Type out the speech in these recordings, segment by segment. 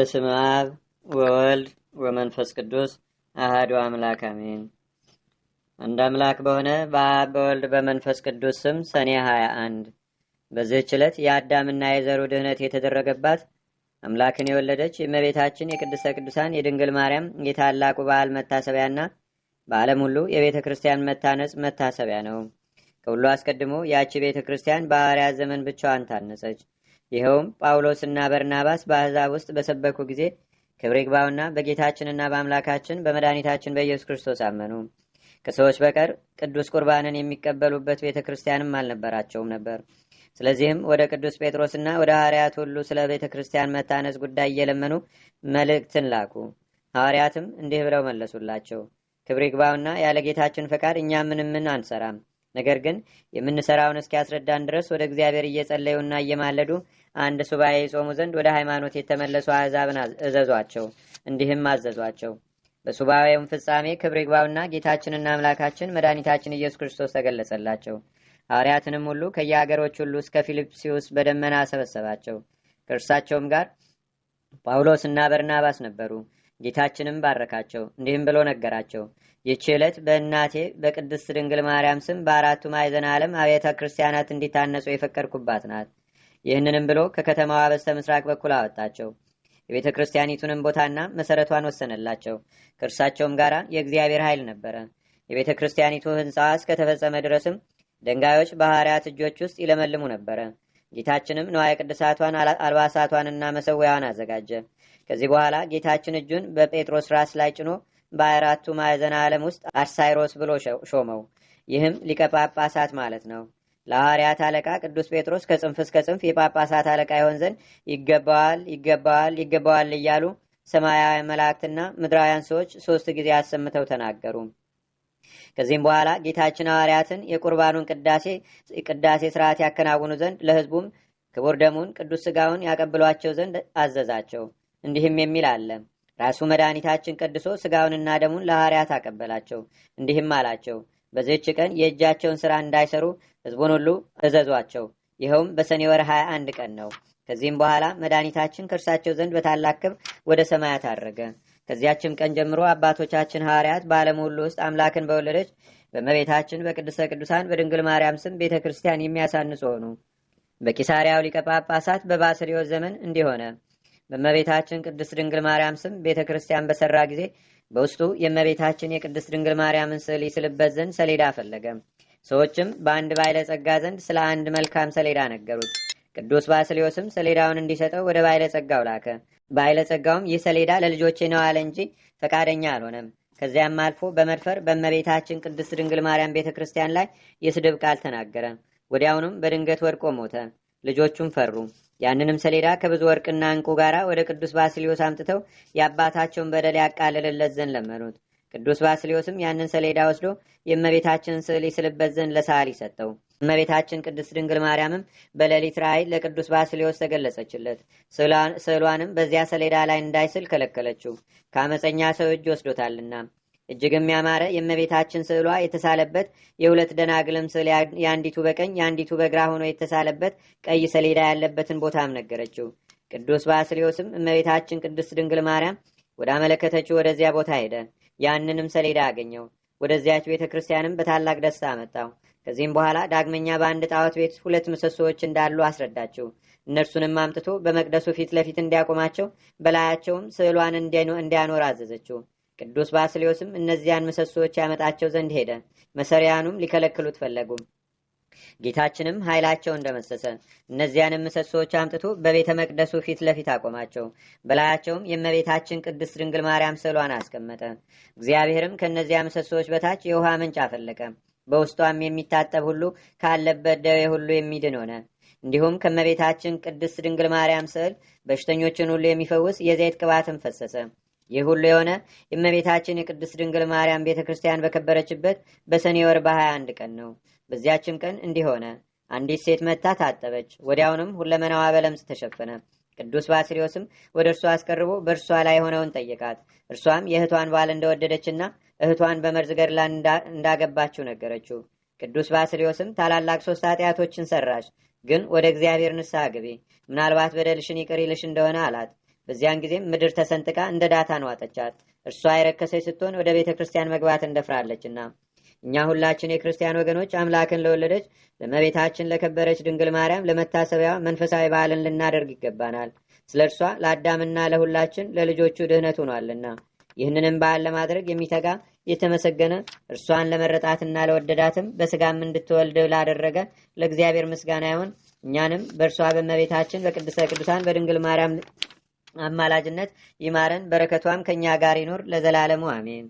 በስም አብ ወወልድ ወመንፈስ ቅዱስ አህዱ አምላክ አሜን። አንድ አምላክ በሆነ በአብ በወልድ በመንፈስ ቅዱስ ስም ሰኔ 21 በዚህች ዕለት የአዳምና የዘሩ ድህነት የተደረገባት አምላክን የወለደች የመቤታችን የቅድስተ ቅዱሳን የድንግል ማርያም የታላቁ በዓል መታሰቢያና በዓለም ሁሉ የቤተ ክርስቲያን መታነጽ መታሰቢያ ነው። ከሁሉ አስቀድሞ ያቺ ቤተ ክርስቲያን በሐዋርያት ዘመን ብቻዋን ታነጸች። ይኸውም ጳውሎስና በርናባስ በአሕዛብ ውስጥ በሰበኩ ጊዜ ክብር ይግባውና በጌታችንና በአምላካችን በመድኃኒታችን በኢየሱስ ክርስቶስ አመኑ። ከሰዎች በቀር ቅዱስ ቁርባንን የሚቀበሉበት ቤተ ክርስቲያንም አልነበራቸውም ነበር። ስለዚህም ወደ ቅዱስ ጴጥሮስና ወደ ሐዋርያት ሁሉ ስለ ቤተ ክርስቲያን መታነስ ጉዳይ እየለመኑ መልእክትን ላኩ። ሐዋርያትም እንዲህ ብለው መለሱላቸው። ክብር ይግባውና ያለ ጌታችን ፈቃድ እኛ ምንምን ምን አንሰራም ነገር ግን የምንሰራውን እስኪያስረዳን ድረስ ወደ እግዚአብሔር እየጸለዩና እየማለዱ አንድ ሱባኤ ይጾሙ ዘንድ ወደ ሃይማኖት የተመለሱ አሕዛብን እዘዟቸው፣ እንዲህም አዘዟቸው። በሱባኤውም ፍጻሜ ክብር ይግባውና ጌታችንና አምላካችን መድኃኒታችን ኢየሱስ ክርስቶስ ተገለጸላቸው። ሐዋርያትንም ሁሉ ከየአገሮች ሁሉ እስከ ፊልጵስዩስ በደመና ሰበሰባቸው። ከእርሳቸውም ጋር ጳውሎስና በርናባስ ነበሩ። ጌታችንም ባረካቸው፣ እንዲህም ብሎ ነገራቸው። ይህች ዕለት በእናቴ በቅድስት ድንግል ማርያም ስም በአራቱ ማዕዘን ዓለም አብያተ ክርስቲያናት እንዲታነጹ የፈቀድኩባት ናት። ይህንንም ብሎ ከከተማዋ በስተ ምስራቅ በኩል አወጣቸው። የቤተ ክርስቲያኒቱንም ቦታና መሰረቷን ወሰነላቸው። ከእርሳቸውም ጋር የእግዚአብሔር ኃይል ነበረ። የቤተ ክርስቲያኒቱ ህንፃ እስከተፈጸመ ድረስም ደንጋዮች በሐዋርያት እጆች ውስጥ ይለመልሙ ነበረ። ጌታችንም ነዋይ ቅድሳቷን፣ አልባሳቷንና መሰዊያዋን አዘጋጀ። ከዚህ በኋላ ጌታችን እጁን በጴጥሮስ ራስ ላይ ጭኖ በአራቱ ማዕዘን ዓለም ውስጥ አርሳይሮስ ብሎ ሾመው። ይህም ሊቀ ጳጳሳት ማለት ነው። ለሐዋርያት አለቃ ቅዱስ ጴጥሮስ ከጽንፍ እስከ ጽንፍ የጳጳሳት አለቃ ይሆን ዘንድ ይገባዋል፣ ይገባዋል፣ ይገባዋል እያሉ ሰማያዊ መላእክትና ምድራውያን ሰዎች ሶስት ጊዜ አሰምተው ተናገሩ። ከዚህም በኋላ ጌታችን ሐዋርያትን የቁርባኑን ቅዳሴ ስርዓት ያከናውኑ ዘንድ ለሕዝቡም ክቡር ደሙን ቅዱስ ስጋውን ያቀብሏቸው ዘንድ አዘዛቸው። እንዲህም የሚል አለ ራሱ መድኃኒታችን ቀድሶ ስጋውንና ደሙን ለሐርያት አቀበላቸው። እንዲህም አላቸው፣ በዚህች ቀን የእጃቸውን ሥራ እንዳይሰሩ ሕዝቡን ሁሉ እዘዟቸው። ይኸውም በሰኔ ወር 21 ቀን ነው። ከዚህም በኋላ መድኃኒታችን ከእርሳቸው ዘንድ በታላቅ ክብር ወደ ሰማያት አድረገ ከዚያችም ቀን ጀምሮ አባቶቻችን ሐዋርያት በዓለም ሁሉ ውስጥ አምላክን በወለደች በመቤታችን በቅድስተ ቅዱሳን በድንግል ማርያም ስም ቤተ ክርስቲያን የሚያሳንጹ ሆኑ። በቂሳሪያው ሊቀ ጳጳሳት በባስልዮስ ዘመን እንዲሆነ በእመቤታችን ቅድስት ድንግል ማርያም ስም ቤተ ክርስቲያን በሰራ ጊዜ በውስጡ የእመቤታችን የቅድስት ድንግል ማርያምን ስዕል ይስልበት ዘንድ ሰሌዳ ፈለገ። ሰዎችም በአንድ ባለጸጋ ዘንድ ስለ አንድ መልካም ሰሌዳ ነገሩት። ቅዱስ ባስልዮስም ሰሌዳውን እንዲሰጠው ወደ ባለጸጋው ላከ። ባለጸጋውም ይህ ሰሌዳ ለልጆቼ ነው አለ እንጂ ፈቃደኛ አልሆነም። ከዚያም አልፎ በመድፈር በእመቤታችን ቅድስት ድንግል ማርያም ቤተ ክርስቲያን ላይ የስድብ ቃል ተናገረ። ወዲያውኑም በድንገት ወድቆ ሞተ። ልጆቹም ፈሩ። ያንንም ሰሌዳ ከብዙ ወርቅና እንቁ ጋር ወደ ቅዱስ ባስሊዮስ አምጥተው የአባታቸውን በደል ያቃልልለት ዘንድ ለመኑት። ቅዱስ ባስሊዮስም ያንን ሰሌዳ ወስዶ የእመቤታችንን ስዕል ይስልበት ዘንድ ለሰዓሊ ሰጠው። እመቤታችን ቅድስት ድንግል ማርያምም በሌሊት ራእይ ለቅዱስ ባስሊዮስ ተገለጸችለት። ስዕሏንም በዚያ ሰሌዳ ላይ እንዳይስል ከለከለችው፣ ከአመፀኛ ሰው እጅ ወስዶታልና። እጅግም ያማረ የእመቤታችን ስዕሏ የተሳለበት የሁለት ደናግልም ስዕል የአንዲቱ በቀኝ የአንዲቱ በግራ ሆኖ የተሳለበት ቀይ ሰሌዳ ያለበትን ቦታም ነገረችው። ቅዱስ ባስልዮስም እመቤታችን ቅድስት ድንግል ማርያም ወደ አመለከተችው ወደዚያ ቦታ ሄደ። ያንንም ሰሌዳ አገኘው። ወደዚያች ቤተ ክርስቲያንም በታላቅ ደስታ አመጣው። ከዚህም በኋላ ዳግመኛ በአንድ ጣዖት ቤት ሁለት ምሰሶዎች እንዳሉ አስረዳቸው። እነርሱንም አምጥቶ በመቅደሱ ፊት ለፊት እንዲያቆማቸው፣ በላያቸውም ስዕሏን እንዲያኖር አዘዘችው። ቅዱስ ባስሌዎስም እነዚያን ምሰሶዎች ያመጣቸው ዘንድ ሄደ። መሰሪያኑም ሊከለክሉት ፈለጉ። ጌታችንም ኃይላቸው እንደመሰሰ እነዚያንም ምሰሶዎች አምጥቶ በቤተ መቅደሱ ፊት ለፊት አቆማቸው። በላያቸውም የእመቤታችን ቅድስት ድንግል ማርያም ስዕሏን አስቀመጠ። እግዚአብሔርም ከእነዚያ ምሰሶዎች በታች የውሃ ምንጭ አፈለቀ። በውስጧም የሚታጠብ ሁሉ ካለበት ደዌ ሁሉ የሚድን ሆነ። እንዲሁም ከእመቤታችን ቅድስት ድንግል ማርያም ስዕል በሽተኞችን ሁሉ የሚፈውስ የዘይት ቅባትም ፈሰሰ። ይህ ሁሉ የሆነ የእመቤታችን የቅድስት ድንግል ማርያም ቤተ ክርስቲያን በከበረችበት በሰኔ ወር በ21 ቀን ነው። በዚያችም ቀን እንዲህ ሆነ። አንዲት ሴት መታ ታጠበች። ወዲያውንም ሁለመናዋ በለምጽ ተሸፈነ። ቅዱስ ባስልዮስም ወደ እርሷ አስቀርቦ በእርሷ ላይ የሆነውን ጠየቃት። እርሷም የእህቷን ባል እንደወደደችና እህቷን በመርዝ ገድላ እንዳገባችው ነገረችው። ቅዱስ ባስልዮስም ታላላቅ ሶስት ኃጢአቶችን ሰራሽ፣ ግን ወደ እግዚአብሔር ንስሐ ግቢ፣ ምናልባት በደልሽን ይቅር ይልሽ እንደሆነ አላት። በዚያን ጊዜም ምድር ተሰንጥቃ እንደ ዳታን ዋጠቻት። እርሷ የረከሰች ስትሆን ወደ ቤተ ክርስቲያን መግባት እንደፍራለችና እኛ ሁላችን የክርስቲያን ወገኖች አምላክን ለወለደች ለመቤታችን ለከበረች ድንግል ማርያም ለመታሰቢያ መንፈሳዊ በዓልን ልናደርግ ይገባናል። ስለ እርሷ ለአዳምና ለሁላችን ለልጆቹ ድህነት ሆኗልና ይህንንም በዓል ለማድረግ የሚተጋ የተመሰገነ እርሷን ለመረጣትና ለወደዳትም በስጋም እንድትወልድ ላደረገ ለእግዚአብሔር ምስጋና ይሆን። እኛንም በእርሷ በመቤታችን በቅድስተ ቅዱሳን በድንግል ማርያም አማላጅነት ይማረን፣ በረከቷም ከእኛ ጋር ይኑር ለዘላለሙ አሜን።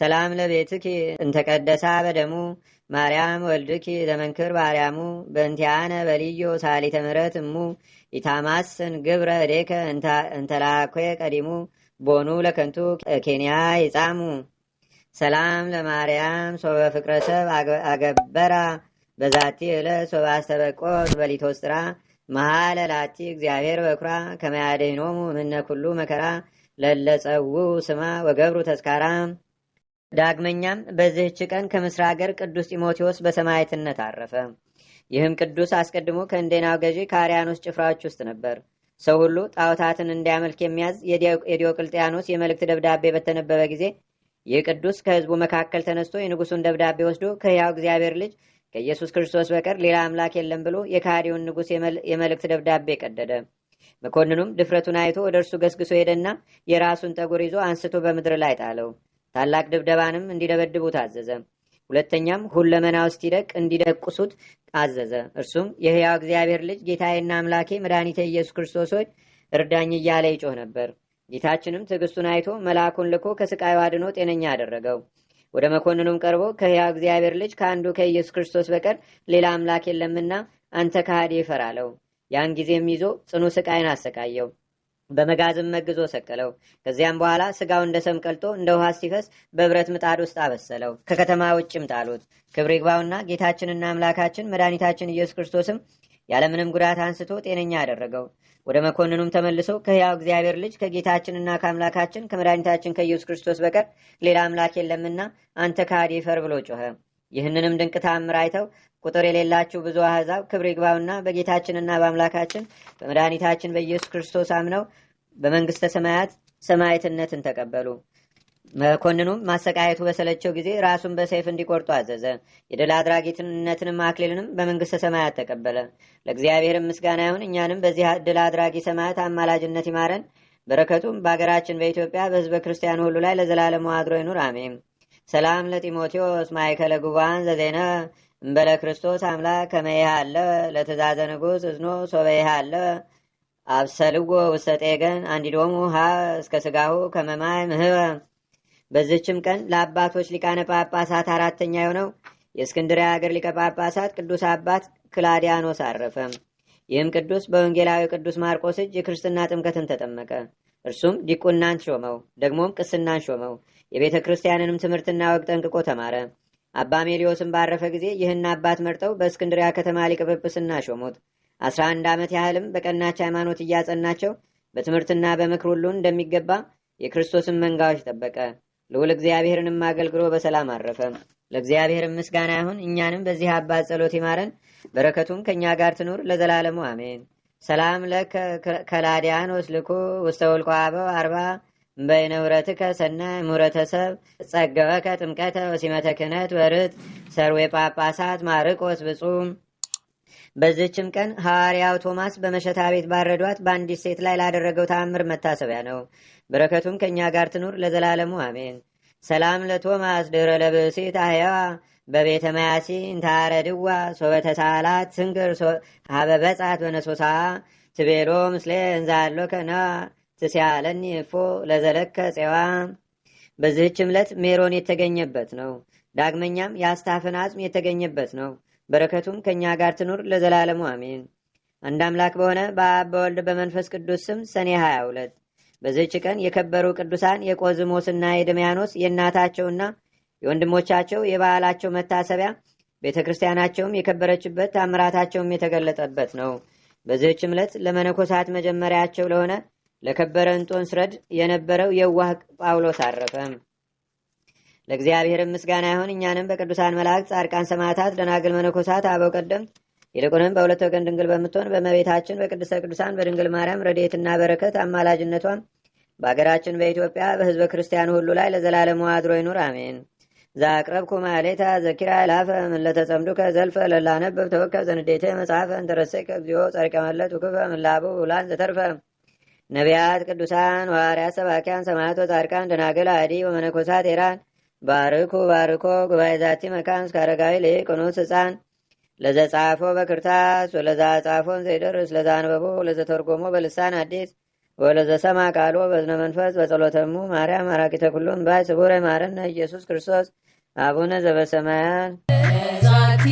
ሰላም ለቤትኪ እንተቀደሳ በደሙ ማርያም ወልድኪ ዘመንክር ባርያሙ በእንቲያነ በልዮ ሳሊተ ምረት እሙ ኢታማስን ግብረ እዴከ እንተላኮ ቀዲሙ ቦኑ ለከንቱ ኬንያ ይጻሙ ሰላም ለማርያም ሶበ ፍቅረሰብ አገበራ በዛቲ እለ ሶባ አስተበቆ በሊቶስጥራ ማለላቲ እግዚአብሔር በኩራ ከመያደኖሙ ምነ ኩሉ መከራ ለለጸው ስማ ወገብሩ ተስካራ። ዳግመኛም በዚህች ቀን ከምስር አገር ቅዱስ ጢሞቴዎስ በሰማዕትነት አረፈ። ይህም ቅዱስ አስቀድሞ ከእንዴናው ገዢ ከአርያኖስ ጭፍራዎች ውስጥ ነበር። ሰው ሁሉ ጣዖታትን እንዲያመልክ የሚያዝ የዲዮቅልጥያኖስ የመልእክት ደብዳቤ በተነበበ ጊዜ ይህ ቅዱስ ከሕዝቡ መካከል ተነስቶ የንጉሱን ደብዳቤ ወስዶ ከሕያው እግዚአብሔር ልጅ ከኢየሱስ ክርስቶስ በቀር ሌላ አምላክ የለም ብሎ የካህዲውን ንጉሥ የመልእክት ደብዳቤ ቀደደ። መኮንኑም ድፍረቱን አይቶ ወደ እርሱ ገስግሶ ሄደና የራሱን ጠጉር ይዞ አንስቶ በምድር ላይ ጣለው። ታላቅ ድብደባንም እንዲደበድቡ ታዘዘ። ሁለተኛም ሁለመና ውስጥ ይደቅ እንዲደቁሱት አዘዘ። እርሱም የሕያው እግዚአብሔር ልጅ ጌታዬና አምላኬ መድኃኒቴ ኢየሱስ ክርስቶስ ሆይ እርዳኝ እያለ ይጮህ ነበር። ጌታችንም ትዕግስቱን አይቶ መልአኩን ልኮ ከስቃዩ አድኖ ጤነኛ አደረገው። ወደ መኮንኑም ቀርቦ ከያ እግዚአብሔር ልጅ ከአንዱ ከኢየሱስ ክርስቶስ በቀር ሌላ አምላክ የለምና አንተ ካህዴ ይፈራለው ያን ጊዜም ይዞ ጽኑ ስቃይን አሰቃየው። በመጋዝም መግዞ ሰቀለው። ከዚያም በኋላ ስጋው እንደ ሰም ቀልጦ እንደ ውሃ ሲፈስ በብረት ምጣድ ውስጥ አበሰለው። ከከተማ ውጭም ጣሉት። ክብር ይግባውና ጌታችንና አምላካችን መድኃኒታችን ኢየሱስ ክርስቶስም ያለምንም ጉዳት አንስቶ ጤነኛ አደረገው። ወደ መኮንኑም ተመልሶ ከሕያው እግዚአብሔር ልጅ ከጌታችንና ከአምላካችን ከመድኃኒታችን ከኢየሱስ ክርስቶስ በቀር ሌላ አምላክ የለምና አንተ ከሃዲ ፈር ብሎ ጮኸ። ይህንንም ድንቅ ታምር አይተው ቁጥር የሌላቸው ብዙ አሕዛብ ክብር ይግባውና በጌታችንና በአምላካችን በመድኃኒታችን በኢየሱስ ክርስቶስ አምነው በመንግሥተ ሰማያት ሰማዕትነትን ተቀበሉ። መኮንኑም ማሰቃየቱ በሰለቸው ጊዜ ራሱን በሰይፍ እንዲቆርጡ አዘዘ። የድል አድራጊትነትንም አክሊልንም በመንግሥተ ሰማያት ተቀበለ። ለእግዚአብሔርም ምስጋና ይሁን። እኛንም በዚህ ድል አድራጊ ሰማያት አማላጅነት ይማረን። በረከቱም በአገራችን በኢትዮጵያ በሕዝበ ክርስቲያኑ ሁሉ ላይ ለዘላለሙ አድሮ ይኑር፣ አሜን። ሰላም ለጢሞቴዎስ ማይከለ ጉባን ዘዜነ እምበለ ክርስቶስ አምላክ ከመይህ አለ ለትእዛዘ ንጉሥ እዝኖ ሶበይህ አለ አብሰልዎ ውሰጤ ገን አንዲዶሙ ሀ እስከ ስጋሁ ከመማይ ምህበ በዝችም ቀን ለአባቶች ሊቃነ ጳጳሳት አራተኛ የሆነው የእስክንድሪያ ሀገር ሊቀ ጳጳሳት ቅዱስ አባት ክላዲያኖስ አረፈ። ይህም ቅዱስ በወንጌላዊ ቅዱስ ማርቆስ እጅ የክርስትና ጥምቀትን ተጠመቀ። እርሱም ዲቁናን ሾመው፣ ደግሞም ቅስናን ሾመው። የቤተ ክርስቲያንንም ትምህርትና ወግ ጠንቅቆ ተማረ። አባ ሜሊዮስም ባረፈ ጊዜ ይህን አባት መርጠው በእስክንድሪያ ከተማ ሊቀ ጵጵስና ሾሙት። አስራ አንድ ዓመት ያህልም በቀናች ሃይማኖት እያጸናቸው በትምህርትና በምክር ሁሉ እንደሚገባ የክርስቶስን መንጋዎች ጠበቀ። ልዑል እግዚአብሔርንም አገልግሎ በሰላም አረፈ። ለእግዚአብሔር ምስጋና ይሁን። እኛንም በዚህ አባት ጸሎት ይማረን፣ በረከቱም ከእኛ ጋር ትኑር ለዘላለሙ አሜን። ሰላም ለከላዲያኖስ ልኩ ውስተ ውልቆ አበው አርባ በይነውረትከ ሰናይ ሙረተሰብ ጸገወከ ጥምቀተ ወሲመተ ክህነት ወርት ሰርዌ ጳጳሳት ማርቆስ ብጹም በዚህችም ቀን ሐዋርያው ቶማስ በመሸታ ቤት ባረዷት በአንዲት ሴት ላይ ላደረገው ተአምር መታሰቢያ ነው። በረከቱም ከእኛ ጋር ትኑር ለዘላለሙ አሜን። ሰላም ለቶማስ ድረ ለብእሲት አህያዋ በቤተ መያሲ እንታረድዋ ሶበተ ሳላት ስንግር ሀበበጻት በነሶሳ ትቤሎ ምስሌ እንዛሎ ከና ትስያለኒ እፎ ለዘለከ ፄዋ በዚህች ዕለት ሜሮን የተገኘበት ነው። ዳግመኛም የአስታፍን አጽም የተገኘበት ነው። በረከቱም ከእኛ ጋር ትኑር ለዘላለሙ አሜን። አንድ አምላክ በሆነ በአብ በወልድ በመንፈስ ቅዱስ ስም ሰኔ 22 በዚህች ቀን የከበሩ ቅዱሳን የቆዝሞስና የድሚያኖስ የእናታቸውና የወንድሞቻቸው የበዓላቸው መታሰቢያ ቤተ ክርስቲያናቸውም የከበረችበት ታምራታቸውም የተገለጠበት ነው። በዚህችም ዕለት ለመነኮሳት መጀመሪያቸው ለሆነ ለከበረ እንጦንስ ረድ የነበረው የዋህ ጳውሎስ አረፈ። ለእግዚአብሔር ምስጋና ይሁን እኛንም በቅዱሳን መላእክት፣ ጻድቃን፣ ሰማዕታት፣ ደናግል፣ መነኮሳት፣ አበው ቀደም ይልቁንም በሁለት ወገን ድንግል በምትሆን በመቤታችን በቅድስተ ቅዱሳን በድንግል ማርያም ረድኤትና በረከት አማላጅነቷም በአገራችን በኢትዮጵያ በሕዝበ ክርስቲያኑ ሁሉ ላይ ለዘላለሙ አድሮ ይኑር፣ አሜን። ዛቅረብኩ ማሌታ ዘኪራ ላፈ ምን ለተጸምዱከ ዘልፈ ለላነበብ ተወከ ዘንዴተ መጽሐፈ እንተረሰከ እግዚኦ ጸሪቀመለት ውክፈ ምላቡ ውላን ዘተርፈ ነቢያት፣ ቅዱሳን፣ ዋርያ ሰባኪያን፣ ሰማዕት፣ ጻድቃን፣ ደናገል አዲ ወመነኮሳት ኤራን ባርኩ ባርኮ ጉባኤ ዛቲ መካን እስከ አረጋዊ ለይቅኑስ ህፃን ለዘጻፎ በክርታስ ወለዛ ጻፎን ዘይደርስ ለዛ አንበቦ ለዘተርጎሞ በልሳን አዲስ ወለዘሰማ ቃሎ በዝነ መንፈስ በጸሎተሙ ማርያም አራቂተ ኩሉም ባይ ስቡረ ማረነ ኢየሱስ ክርስቶስ አቡነ ዘበሰማያን ዛቲ